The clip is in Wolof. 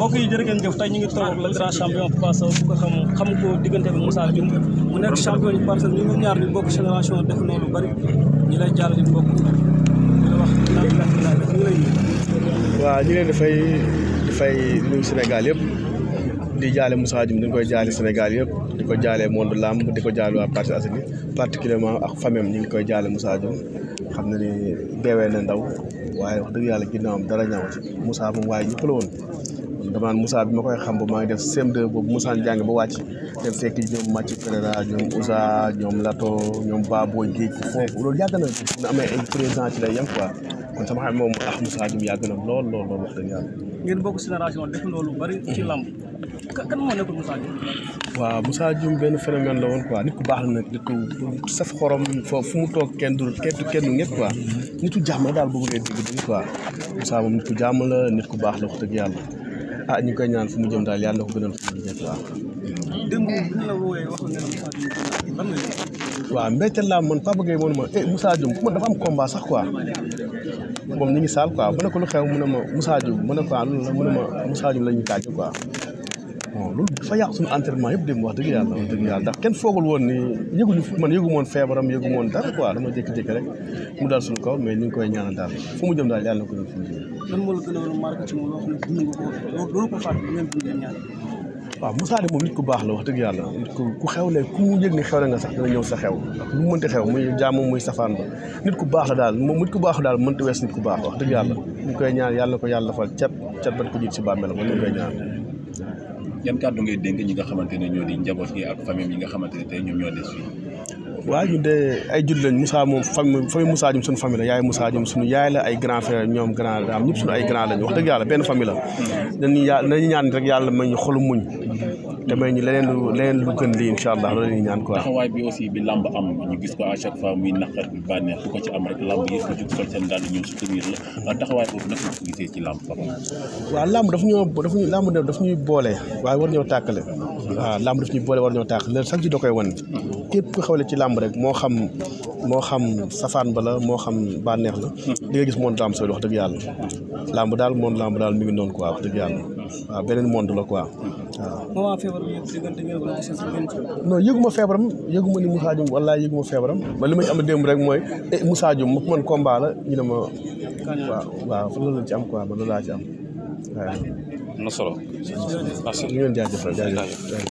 mbokk yi jërë ngeen jëf tey ñu ngi toog champion Papa Sow bu ko xam xam ko diggante bi Moussa Dioum mu nekk champion yu parcelle ñu ngi ñaar di dafay dafay nuyu yëpp di jaale Moussa Dioum dañ koy jaale Sénégal yëpp di ko jaale monde lamb di ko a waa Parcelles Assainies particulièrement ak famem ñi ngi koy jaale Moussa xam na ni deewee na ndaw waaye wax dëgg yàlla ginnaawam dara ñaaw ci Moussa moom waaye ñëpp la woon dama naan Moussa bi ma koy xam ba maa ngi def CM2 boobu Moussa jàng ba wàcc dem fekk ñoom Mathieu Ferreira ñoom Ousa ñoom Lato ñoom Baboy Géej foofu loolu yàgg na na amee ay présent ci lay yem quoi kon moom ah Moussa Dioum yàgg na lool lool lool wax dëgg yàlla. ngeen bokk génération def na lu bari ci la woon quoi nit ku baax la nag nit ku saf xorom foofu fu mu toog kenn du kenn kenn du ñëpp quoi nitu jàmm la daal bëgg nga dégg quoi Moussa moom nit ku jàmm la nit ku baax la wax dëgg yàlla. ah ñu ngi koy ñaan fu mu jëm daal yàlla na ko gënal fu mu jëm waaw. démb bi nga la wooyee wax nga ne Moussa Dioum waaw mbéyteel laa man Papa Gueye moom ma eh Moussa Dioum ku am combat sax quoi moom ñu ngi saal quoi bu ne ko lu xew mu ne ma Moussa Dioum mu ne quoi ah, loolu la mu ne ma Moussa Dioum la bon loolu dafa yàq suñu entraînement yëpp dem wax dëgg yàlla wax dëgg kenn foogul woon ni yëguñu man yëgu moon feebaram yëgu moon dara quoi dama jékki-jékki rek mu daal suñu kaw mais ñu ngi koy ñaanal daal fu mu jëm daal yàlla ko jëm a marqué ci moom loo waaw Moussa moom nit ku baax la wax dëgg yàlla nit ku ku xewle ku mu yëg ni na nga sax dina ñëw sa xew lu mu mënti xew muy jàmm muy safaan ba nit ku baax la daal moom nit ku baax daal daal mënti wees nit ku baax wax dëgg yàlla ñu koy ñaan yàlla ko yàlla defal cat cat ba ko jiit si bàmmeel ba ñu koy ñaan yan kàddu ngay dénk ñi nga xamante ne ñoo di njaboot gi ak famille yi nga xamante ne tey ñoom ñoo des fii. waaw ñun de ay jullit lañ Moussa moom famille famille Moussa suñu famille la yaay Moussa Dioum suñu yaay la ay grand frère ñoom grand am ñëpp suñu ay grand lañ wax dëgg yàlla benn famille la. Mm-hmm. dañuy yàlla dañuy ñaan yàlla may ñu xolu muñ. te may ñu leneen lu leneen lu gën lii incha allah loolu la ñuy ñaan quoi. taxawaay bi aussi bi lamb am ñu gis ko à chaque fois bi bànneex ku am rek lamb yëpp ko jóg sol seen daal ñëw soutenir la taxawaay boobu nag ñu ko gisee ci lamb papa. waaw lamb daf ñoo daf ñuy lamb daf ñuy boole waaye war ñoo tàkkale. waaw lamb daf ñuy boole war ñoo tàkkale loolu sax ci da koy wan. képp ku xewle ci làmb rek moo xam moo xam safaan ba la moo xam bànneex la. di nga gis monde làmb sooy wax dëgg yàlla. làmb daal monde làmb daal mi ngi noonu quoi yàlla. waaw beneen monde la quoi. waaw. non yëguma feebaram yëguma ni Moussa Dioum wallaahi feebaram. ba li may am démb rek mooy eh Moussa Dioum ma man combat la ñu ne ma. waaw waaw loolu la ci am quoi ba loolu laa ci am waaw.